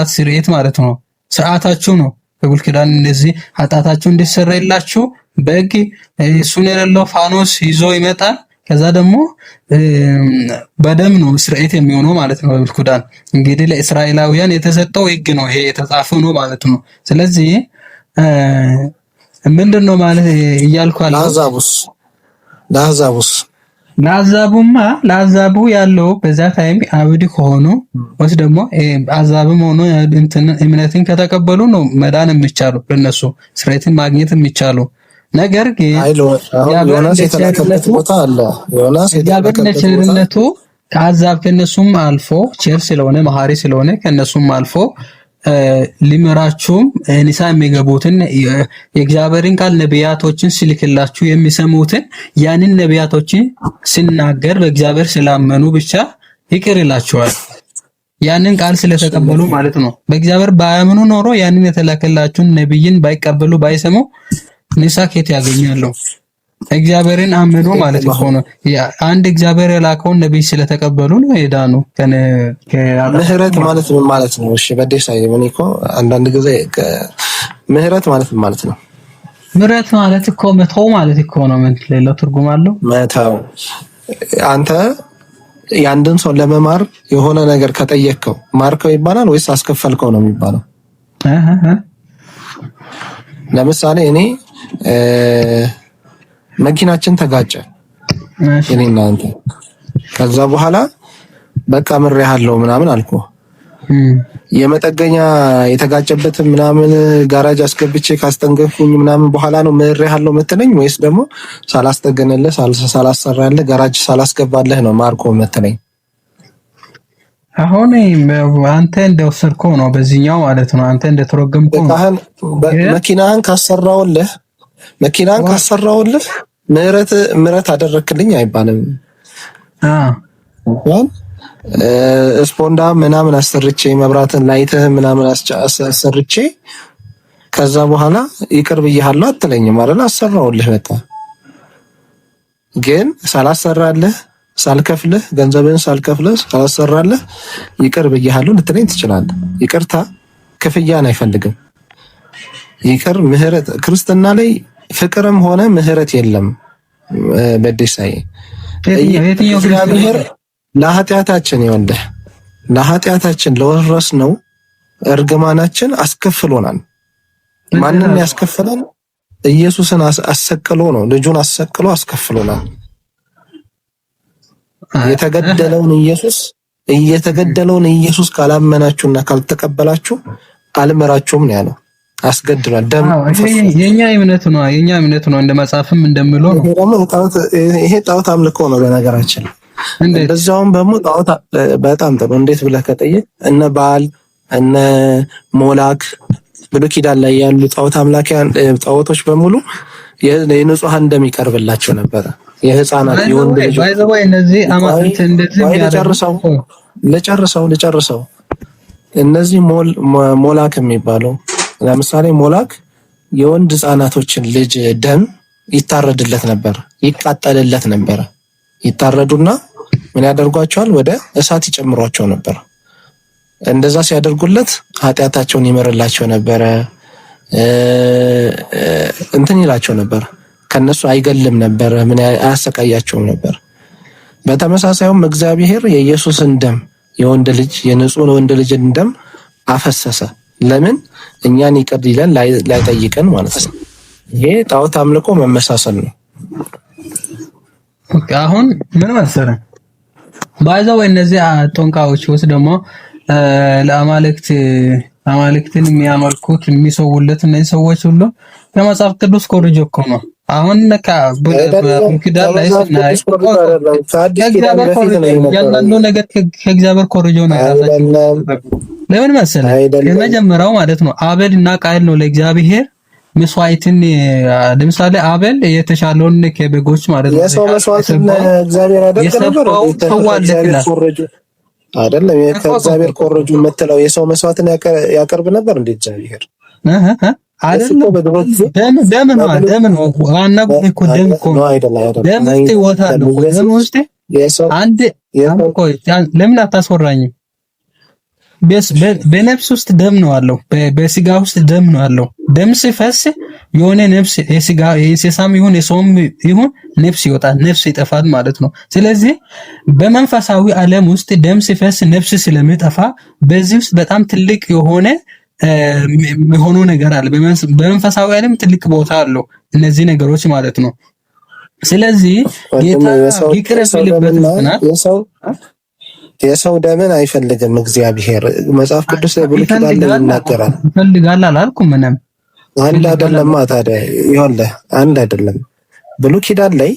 የኃጢአት ስርየት ማለት ነው። ስርዓታችሁ ነው። በብሉይ ኪዳን እንደዚህ ኃጢአታችሁ እንዲሰረይላችሁ በግ እሱን የሌለው ፋኖስ ይዞ ይመጣል። ከዛ ደግሞ በደም ነው ስርዓት የሚሆነው ማለት ነው። በብሉይ ኪዳን እንግዲህ ለእስራኤላውያን የተሰጠው ሕግ ነው፣ ይሄ የተጻፈው ነው ማለት ነው። ስለዚህ ምንድን ነው ማለት እያልኳለሁ። ለአሕዛብስ ለአሕዛብስ ለአዛቡማ ለአዛቡ ያለው በዛ ታይም አብድ ከሆኑ ወይስ ደግሞ አዛብም ሆኖ እምነትን ከተቀበሉ ነው መዳን የሚቻሉ ለነሱ ስሬትን ማግኘት የሚቻሉ። ነገር ግን የእግዚአብሔር ቸርነቱ ከአዛብ ከነሱም አልፎ ቸር ስለሆነ መሐሪ ስለሆነ ከነሱም አልፎ ሊመራችሁም ንሳ የሚገቡትን የእግዚአብሔርን ቃል ነቢያቶችን ስልክላችሁ የሚሰሙትን ያንን ነቢያቶችን ስናገር በእግዚአብሔር ስላመኑ ብቻ ይቅር ይላችኋል። ያንን ቃል ስለተቀበሉ ማለት ነው። በእግዚአብሔር ባያምኑ ኖሮ ያንን የተላከላችሁን ነቢይን ባይቀበሉ ባይሰሙ ንሳ ኬት ያገኛለሁ? እግዚአብሔርን አምኖ ማለት ነው። ሆኖ አንድ እግዚአብሔር የላከውን ነቢይ ስለተቀበሉ ነው የዳኑ። ምህረት ማለት ምን ማለት ነው? እሺ አይ ምን እኮ አንዳንድ ጊዜ ምህረት ማለት ምን ማለት ነው? ምህረት ማለት እኮ መተው ማለት እኮ ነው። ምን ሌላ ትርጉም አለው? መተው አንተ የአንድን ሰው ለመማር የሆነ ነገር ከጠየቅከው ማርከው ይባላል ወይስ አስከፈልከው ነው የሚባለው? ለምሳሌ እኔ መኪናችን ተጋጨ እኔና አንተ። ከዛ በኋላ በቃ ምሬሃለሁ ምናምን አልኩ። የመጠገኛ የተጋጨበት ምናምን ጋራጅ አስገብቼ ካስጠንገፍኩኝ ምናምን በኋላ ነው ምሬሃለሁ ምትለኝ ወይስ ደግሞ ሳላስጠገነልህ ሳላሰራልህ ጋራጅ ሳላስገባልህ ነው ማርኮ ምትለኝ? አሁን አንተ እንደወሰድከው ነው በዚህኛው ማለት ነው። አንተ እንደተረገምከው መኪናህን ካሰራውልህ መኪናህን ካሰራውልህ ምህረት ምህረት አደረክልኝ አይባልም። ስፖንዳ ምናምን አሰርቼ መብራትን ላይትህ ምናምን አሰርቼ ከዛ በኋላ ይቅር ብያለሁ አትለኝም አይደል? አሰራውልህ በቃ ግን ሳላሰራልህ ሳልከፍልህ ገንዘብህን ሳልከፍልህ ሳላሰራልህ ይቅር ብያለሁ ልትለኝ ትችላለህ። ይቅርታ ክፍያን አይፈልግም። ይቅር ምህረት ክርስትና ላይ ፍቅርም ሆነ ምህረት የለም። በዴሳዬ እግዚአብሔር ለኃጢአታችን ይወልህ ለኃጢአታችን ለወረስ ነው እርግማናችን አስከፍሎናል። ማንን ያስከፍላል ኢየሱስን አሰቅሎ ነው ልጁን አሰቅሎ አስከፍሎናል። የተገደለውን ኢየሱስ እየተገደለውን ኢየሱስ ካላመናችሁና ካልተቀበላችሁ አልምራችሁም ነው ያለው። አስገድሏል። ደም የኛ እምነት ነው፣ የኛ እምነት ነው። እንደ መጽሐፍም እንደምለው ነው። ይሄ ጣዖት አምልኮ ነው። በነገራችን እንደዚያውም ደግሞ ጣዖት በጣም ጥሩ። እንዴት ብለህ ከጠየቅ እነ በዓል እነ ሞላክ ብሉይ ኪዳን ላይ ያሉ ጣዖት አምላኪያን ጣዖቶች በሙሉ የንጹሐን እንደሚቀርብላቸው ነበረ። የህፃናት የወንድ ልጅ እነዚህ አማት እንደዚህ ልጨርሰው ለጨርሰው ለጨርሰው እነዚህ ሞላክ የሚባለው ለምሳሌ ሞላክ የወንድ ህጻናቶችን ልጅ ደም ይታረድለት ነበር፣ ይቃጠልለት ነበረ። ይታረዱና ምን ያደርጓቸዋል? ወደ እሳት ይጨምሯቸው ነበር። እንደዛ ሲያደርጉለት ኃጢአታቸውን ይምርላቸው ነበረ፣ እንትን ይላቸው ነበር። ከነሱ አይገልም ነበር፣ ምን አያሰቃያቸውም ነበር። በተመሳሳዩም እግዚአብሔር የኢየሱስን ደም የወንድ ልጅ የንጹህ ወንድ ልጅን ደም አፈሰሰ። ለምን እኛን ይቅር ይለን ላይጠይቀን ማለት ነው። ይሄ ጣዖት አምልኮ መመሳሰል ነው። አሁን ምን መሰለ ባይዛው እነዚህ ቶንካዎች ውስጥ ደግሞ ለአማልክት አማልክትን የሚያመልኩት የሚሰውለት እነዚህ ሰዎች ሁሉ ለመጽሐፍ ቅዱስ ኮርጆ እኮ ነው። አሁን ኪዳን ላይ ስናይ ያንዳንዱ ነገር ከእግዚአብሔር ኮርጆ ነው። ለምን መሰለህ? የመጀመሪያው ማለት ነው አቤል እና ቃየል ነው ለእግዚአብሔር መስዋዕትን ለምሳሌ አቤል የተሻለውን ከበጎች ማለት ነው የሰው መስዋዕትን እግዚአብሔር አይደለም ከእግዚአብሔር ኮርጆ የምትለው የሰው መስዋዕትን ያቀርብ ነበር እንዴ እግዚአብሔር አይደለም ለምን አታስወራኝም በነፍስ ውስጥ ደም ነው አለው በስጋ ውስጥ ደም ነው አለው ደም ሲፈስ የሆነ ነፍስ የስጋ ይሁን የሰውም ይሁን ነፍስ ይወጣል ነፍስ ይጠፋል ማለት ነው ስለዚህ በመንፈሳዊ ዓለም ውስጥ ደም ሲፈስ ነፍስ ስለሚጠፋ በዚህ ውስጥ በጣም ትልቅ የሆነ የሆኑ ነገር አለ። በመንፈሳዊ ዓለም ትልቅ ቦታ አለው እነዚህ ነገሮች ማለት ነው። ስለዚህ ጌታ ይቅር የሰው ደምን አይፈልግም እግዚአብሔር። መጽሐፍ ቅዱስ ላይ ብሉይ ኪዳን ላይ ይናገራል። ይፈልጋል አላልኩም። ምንም አንድ አይደለም። ታዲያ ይኸውልህ አንድ አይደለም። ብሉይ ኪዳን ላይ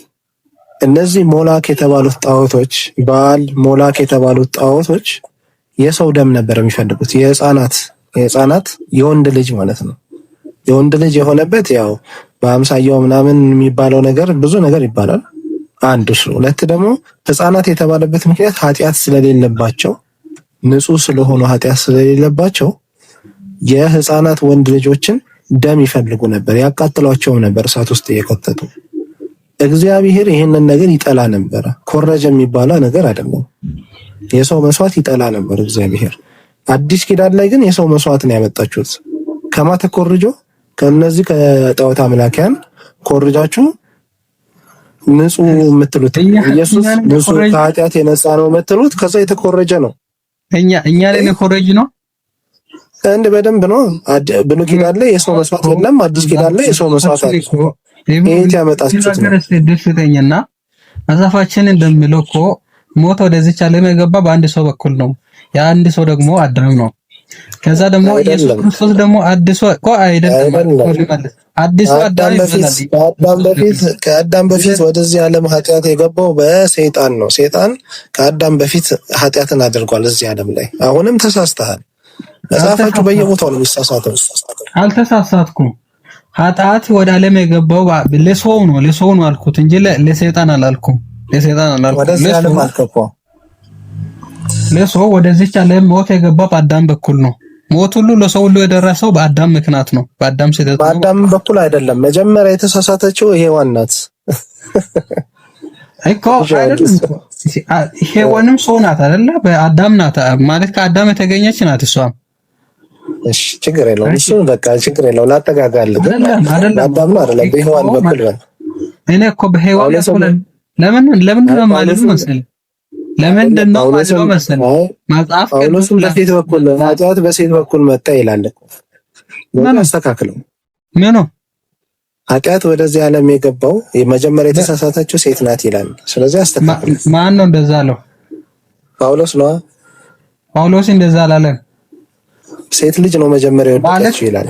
እነዚህ ሞላክ የተባሉት ጣዖቶች፣ በዓል ሞላክ የተባሉት ጣዖቶች የሰው ደም ነበር የሚፈልጉት የህፃናት የህፃናት የወንድ ልጅ ማለት ነው። የወንድ ልጅ የሆነበት ያው በአምሳያው ምናምን የሚባለው ነገር ብዙ ነገር ይባላል። አንድ እሱ፣ ሁለት ደግሞ ህፃናት የተባለበት ምክንያት ኃጢአት ስለሌለባቸው ንጹህ ስለሆኑ ኃጢአት ስለሌለባቸው የህፃናት ወንድ ልጆችን ደም ይፈልጉ ነበር፣ ያቃጥሏቸውም ነበር እሳት ውስጥ እየከተቱ። እግዚአብሔር ይህንን ነገር ይጠላ ነበረ። ኮረጀ የሚባለው ነገር አይደለም። የሰው መስዋዕት ይጠላ ነበር እግዚአብሔር። አዲስ ኪዳን ላይ ግን የሰው መስዋዕት ነው ያመጣችሁት። ከማተ ኮርጆ ከነዚህ ከጣዖት አምላኪያን ኮርጃችሁ ንጹህ የምትሉት ኢየሱስ ንጹህ ከኃጢአት የነጻ ነው የምትሉት ከዛ የተኮረጀ ነው። እኛ እኛ ላይ ኮረጅ ነው እንደ በደንብ ነው። ብሉይ ኪዳን ላይ የሰው መስዋዕት የለም። አዲስ ኪዳን ላይ የሰው መስዋዕት አለ። ይሄን ያመጣችሁት ነው። ደስተኛና አዛፋችን እንደምለው እኮ ሞት ወደዚች ዓለም የገባ በአንድ ሰው በኩል ነው የአንድ ሰው ደግሞ አዳም ነው። ከዛ ደግሞ ኢየሱስ ክርስቶስ ደግሞ አዲሱ እኮ አይደለም አዲሱ በፊት ከአዳም በፊት ወደዚህ ዓለም ኃጢአት የገባው በሰይጣን ነው። ሰይጣን ከአዳም በፊት ኃጢአትን አድርጓል እዚህ ዓለም ላይ። አሁንም ተሳስተሃል። መጽሐፋችሁ በየቦታው ነው የሚሳሳተው። አልተሳሳትኩም። ኃጢአት ወደ ዓለም የገባው ለሰው ነው ለሰው ነው አልኩት እንጂ ለሰይጣን አላልኩም። ለሰይጣን አላልኩም። ለሰው ወደዚህ ዓለም ሞት የገባ በአዳም በኩል ነው። ሞት ሁሉ ለሰው ሁሉ የደረሰው በአዳም ምክንያት ነው። በአዳም ስህተት ነው። በአዳም በኩል አይደለም። መጀመሪያ የተሳሳተችው ሔዋን ናት። እኮ አይደለም ሔዋንም ሰው ናት አይደለ? በአዳም ናት ማለት ከአዳም የተገኘች ናት እሷም እሺ ችግር የለውም። እሱ በቃ ችግር የለውም። ላጠጋጋል አይደለም አዳም ነው አይደለም በሔዋን በኩል እኔ እኮ በሔዋን ለምን ለምን ማለት ነው መሰለኝ ለምንድን ነው ማለት መሰለህ መጽሐፍ ቅዱስ በሴት በኩል ኃጢአት በሴት በኩል መጣ ይላል። ምን አስተካክለው ምኑ ኃጢአት ወደዚህ ዓለም የገባው የመጀመሪያ የተሳሳተችው ሴት ናት ይላል። ስለዚህ አስተካክለው። ማን ነው እንደዛ አለው? ጳውሎስ ነው። ጳውሎስ እንደዛ አላለም። ሴት ልጅ ነው መጀመሪያ ወደቀችው ይላል።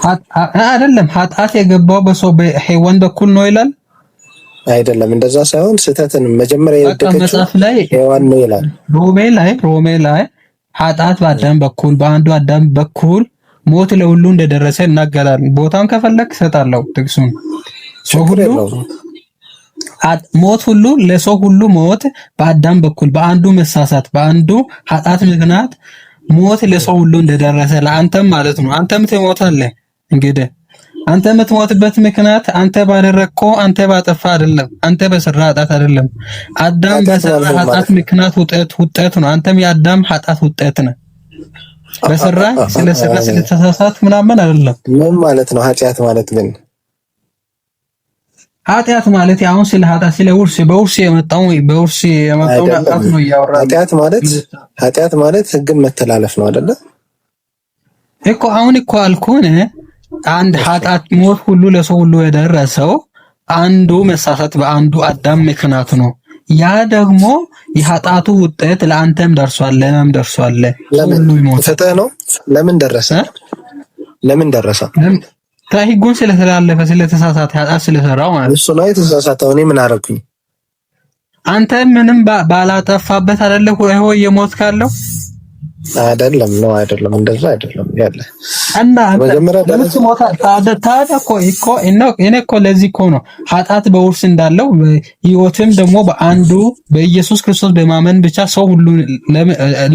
አይደለም ኃጢአት የገባው በሰው በሔዋን በኩል ነው ይላል አይደለም እንደዛ ሳይሆን ስህተትን መጀመሪያ የወደቀችው ሔዋን ነው ይላል። ሮሜ ላይ ሮሜ ላይ ኃጢአት በአዳም በኩል በአንዱ አዳም በኩል ሞት ለሁሉ እንደደረሰ እናገራለን። ቦታም ከፈለክ እሰጣለሁ ጥቅሱም ሁሉ ሞት ሁሉ ለሰው ሁሉ ሞት በአዳም በኩል በአንዱ መሳሳት በአንዱ ኃጢአት ምክንያት ሞት ለሰው ሁሉ እንደደረሰ ለአንተም ማለት ነው። አንተም ትሞታለህ እንግዲህ አንተ የምትሞትበት ምክንያት አንተ ባደረግኮ አንተ ባጠፋ አይደለም፣ አንተ በስራ ኃጢአት አይደለም። አዳም በሰራ ኃጢአት ምክንያት ውጤት ውጤት ነው። አንተም የአዳም ኃጢአት ውጤት ነህ። በሰራ ስለ ስለተሳሳት ምናምን አይደለም። ምን ማለት ነው? ኃጢአት ማለት ግን ኃጢአት ማለት አሁን ስለ ኃጢአት ስለ ውርስ በውርስ የመጣው በውርስ የመጣው ኃጢአት ነው እያወራ ኃጢአት ማለት ኃጢአት ማለት ህግን መተላለፍ ነው አይደለ እኮ አሁን እኮ አልኩህ አንድ ኃጢአት ሞት ሁሉ ለሰው ሁሉ የደረሰው አንዱ መሳሳት በአንዱ አዳም ምክንያት ነው። ያ ደግሞ የኃጢአቱ ውጤት ለአንተም ደርሷል፣ ለእኔም ደርሷል። ሁሉ ይሞት ፍትህ ነው። ለምን ደረሰ? ለምን ደረሰ? ህጉን ስለተላለፈ ስለተሳሳተ፣ ኃጢአት ስለሰራው ማለት እሱ ነው የተሳሳተው። እኔ ምን አደረኩኝ? አንተ ምንም ባላጠፋበት አይደለ ሆይ የሞት ካለው አይደለም ነው አይደለም፣ እንደዛ አይደለም ያለ እና መጀመሪያ ታዲያ እኮ እኮ እኔ እኮ ለዚህ እኮ ነው ኃጢአት በውርስ እንዳለው ህይወትም ደግሞ በአንዱ በኢየሱስ ክርስቶስ በማመን ብቻ ሰው ሁሉ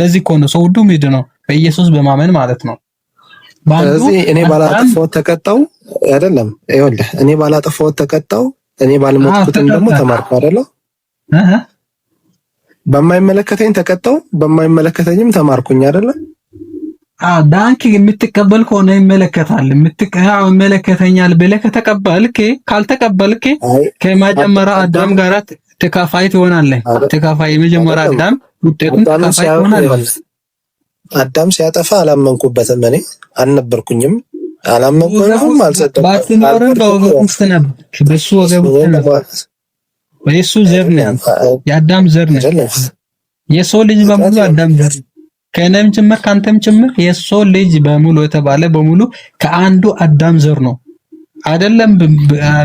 ለዚህ እኮ ነው ሰው ሁሉ ምድ ነው በኢየሱስ በማመን ማለት ነው። ስለዚህ እኔ ባላጠፋሁት ተቀጣው አይደለም ይኸውልህ፣ እኔ ባላጠፋሁት ተቀጣው፣ እኔ ባልሞትኩትም ደግሞ ተማርኩ አይደለም በማይመለከተኝ ተቀጣው፣ በማይመለከተኝም ተማርኩኝ። አይደለም ዳንክ የምትቀበል ከሆነ ይመለከታል። ይመለከተኛል ብለህ ከተቀበልክ፣ ካልተቀበልክ ከመጀመሪያ አዳም ጋር ተካፋይ ትሆናለህ። ተካፋይ የመጀመሪያ አዳም ውጤቱን ተካፋይ ትሆናለህ። አዳም ሲያጠፋ አላመንኩበትም፣ እኔ አልነበርኩኝም፣ አላመንኩኝም፣ አልሰጠም። ባትኖርም በወገብ ውስጥ ነበር፣ በሱ ወገብ ውስጥ ነበር። የሱ ዘር ነው፣ የአዳም ዘር ነው። የሰው ልጅ በሙሉ አዳም ዘር ከእኔም ጭምር ከአንተም ጭምር የሰው ልጅ በሙሉ የተባለ በሙሉ ከአንዱ አዳም ዘር ነው። አይደለም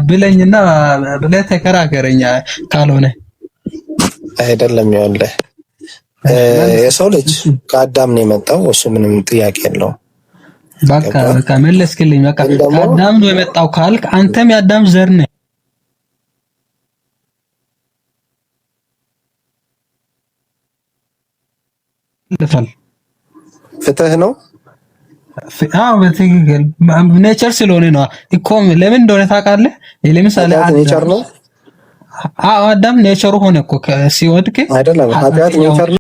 ብለኝና ብለህ ተከራከረኛ ካልሆነ አይደለም ያለ የሰው ልጅ ከአዳም ነው የመጣው። እሱ ምንም ጥያቄ የለው። በቃ ከመለስክልኝ በቃ ከአዳም ነው የመጣው ካልክ አንተም የአዳም ዘር ነህ። ፍትህ ነው። አዎ በትክክል ኔቸር ስለሆነ ነው እኮ። ለምን እንደሆነ ታውቃለህ? ለምሳሌ ኔቸር ነው። አዎ አዳም ኔቸሩ ሆነ እኮ ሲወድቅ አይደለም